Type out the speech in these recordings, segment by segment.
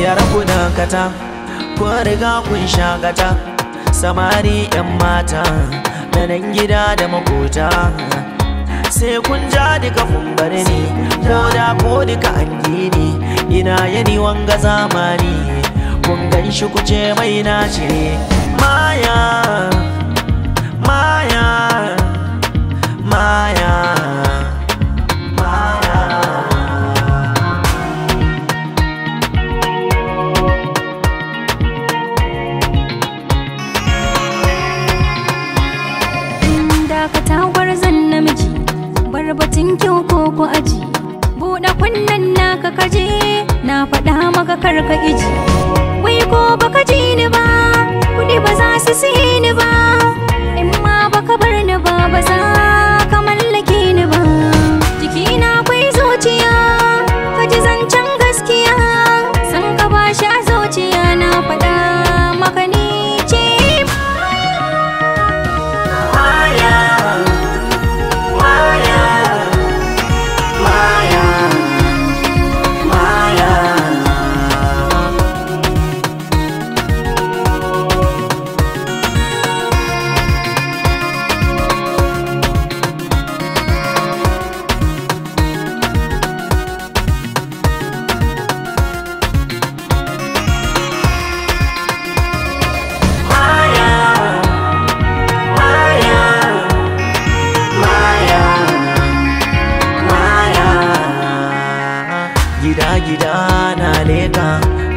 yara ku dakata ku riga kun shakata samari yan mata da nan gida da makota sai kun ja duka bare ne ko da ko duka an ina yani wanga zamani kun gan shi ku ce mai nace maya dakata zan namiji bar batun kyau ko ku aji buɗe kunnen naka kaje na faɗa maka karka iji wai ko baka ji ni ba kuɗi ba za su siye ni ba gida-gida na leka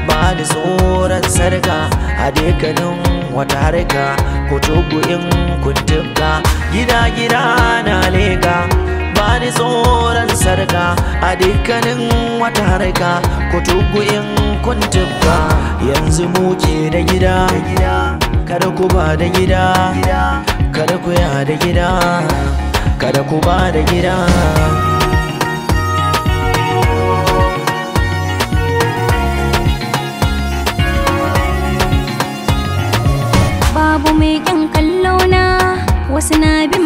ba da tsoron sarka a dekanin wata harka ko in kuntuka gida-gida na leka ba da tsoron sarka a dekanin wata harka ko in kuntuka yanzu muke da gida kada ku ba da gida kada ku ya da gida kada ku ba da gida wasu na bin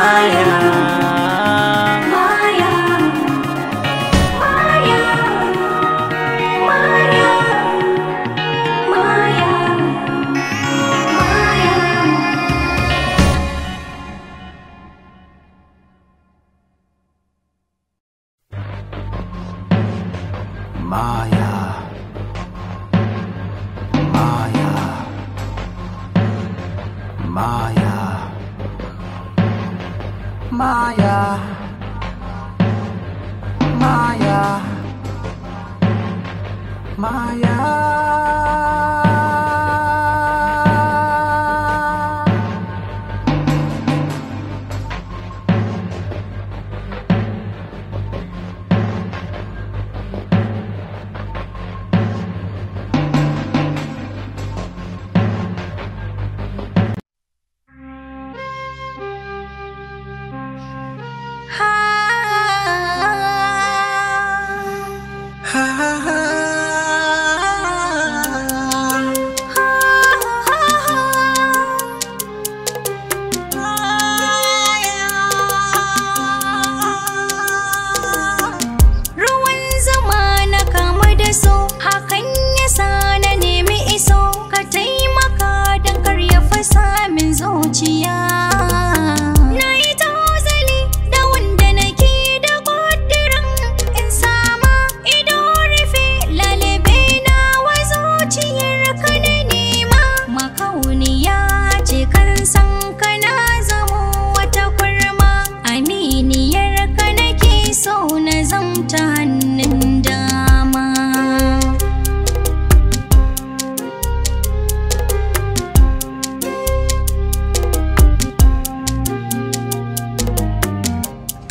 Maya. Maya Maya Maya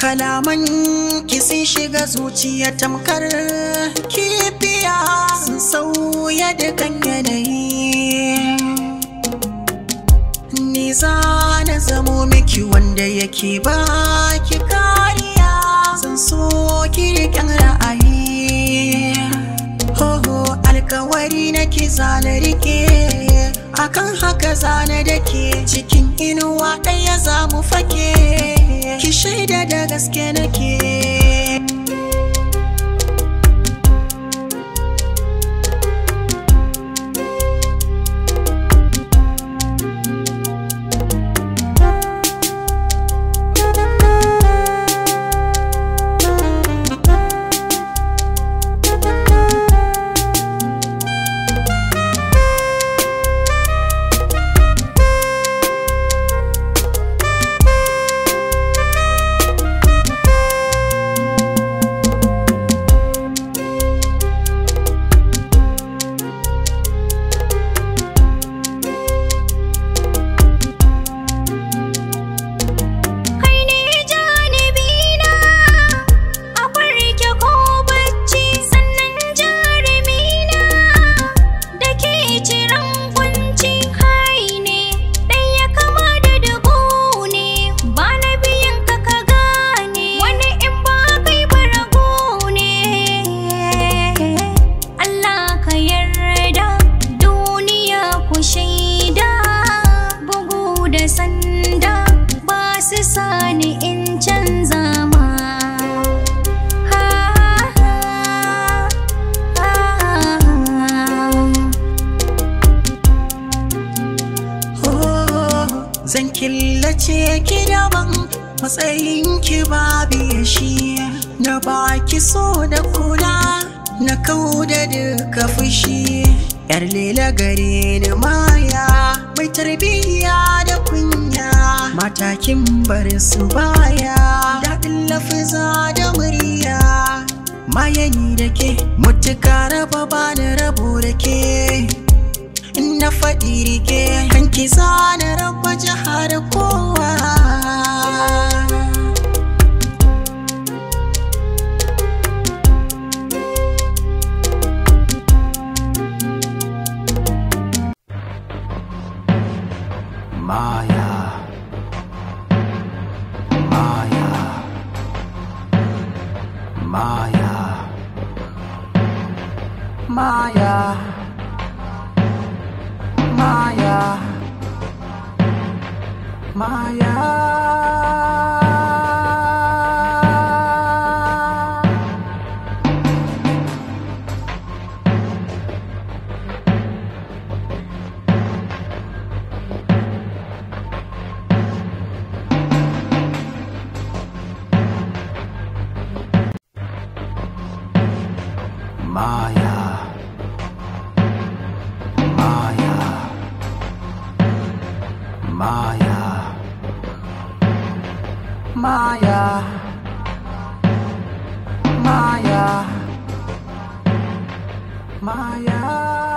kalaman ki sun shiga zuciya tamkar kifiya sun sauya dukan yanayi ni za na zamo miki wanda yake ba ki kariya sun so ki ra'ayi hoho alkawari na ki zana rike akan haka zana dake cikin inuwa ɗaya za mu fake ki shaida da gaske nake sani in canza ma Zan killace ki daban matsayinki babu yashi na baki so da kula na da duka fushi yar lele gare ni maya mai tarbiyya da kunya matakin barin su baya daɗin lafiza da murya mayani da ke mutuka raba ba na rabo da ke na faɗi rike hanki kisa na raba jihar kowa Maya, Maya, Maya. Maya. Maya. Maya. Maya.